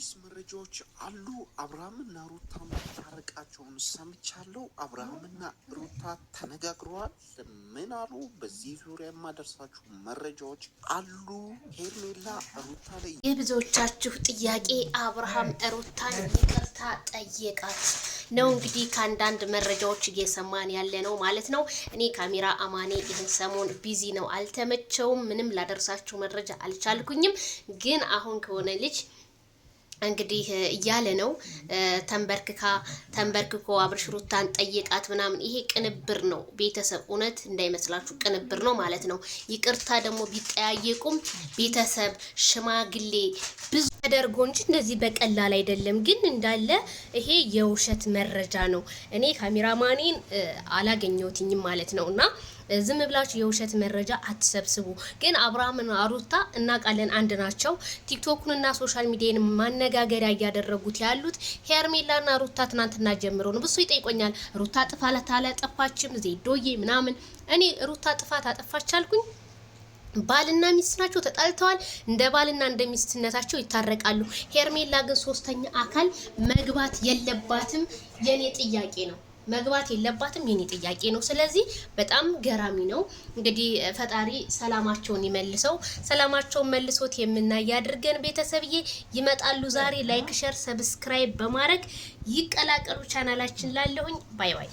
አዲስ መረጃዎች አሉ። አብርሃምና ሩታ መታረቃቸውን ሰምቻለሁ። አብርሃምና ሩታ ተነጋግረዋል። ምን አሉ? በዚህ ዙሪያ የማደርሳችሁ መረጃዎች አሉ። ሄርሜላ ሩታ ላይ የብዙዎቻችሁ ጥያቄ አብርሃም ሩታን ይቅርታ ጠየቃት ነው እንግዲህ ከአንዳንድ መረጃዎች እየሰማን ያለ ነው ማለት ነው። እኔ ካሜራ አማኔ ይህን ሰሞን ቢዚ ነው፣ አልተመቸውም። ምንም ላደርሳችሁ መረጃ አልቻልኩኝም። ግን አሁን ከሆነ ልጅ እንግዲህ እያለ ነው ተንበርክካ ተንበርክኮ አብርሽ ሩታን ምናምን። ይሄ ቅንብር ነው ቤተሰብ፣ እውነት እንዳይመስላችሁ ቅንብር ነው ማለት ነው። ይቅርታ ደግሞ ቢጠያየቁም ቤተሰብ ሽማግሌ ብዙ ተደርጎ እንጂ እንደዚህ በቀላል አይደለም። ግን እንዳለ ይሄ የውሸት መረጃ ነው። እኔ ካሜራማኔን አላገኘሁትኝም ማለት ነው እና ዝም ብላችሁ የውሸት መረጃ አትሰብስቡ። ግን አብርሃምና ሩታ እናውቃለን አንድ ናቸው። ቲክቶኩንና ሶሻል ሚዲያን ማነጋገሪያ እያደረጉት ያሉት ሄርሜላና ሩታ ትናንትና ጀምሮ ነው። ብዙ ይጠይቆኛል ሩታ ጥፋት አላጠፋችም ዜዶዬ ምናምን። እኔ ሩታ ጥፋት አጠፋች አልኩኝ። ባልና ሚስት ናቸው። ተጣልተዋል። እንደ ባልና እንደ ሚስትነታቸው ይታረቃሉ። ሄርሜላ ግን ሶስተኛ አካል መግባት የለባትም። የኔ ጥያቄ ነው። መግባት የለባትም። የኔ ጥያቄ ነው። ስለዚህ በጣም ገራሚ ነው። እንግዲህ ፈጣሪ ሰላማቸውን ይመልሰው፣ ሰላማቸውን መልሶት የምናይ ያድርገን። ቤተሰብዬ ይመጣሉ ዛሬ። ላይክ፣ ሸር፣ ሰብስክራይብ በማድረግ ይቀላቀሉ ቻናላችን ላለሁኝ። ባይ ባይ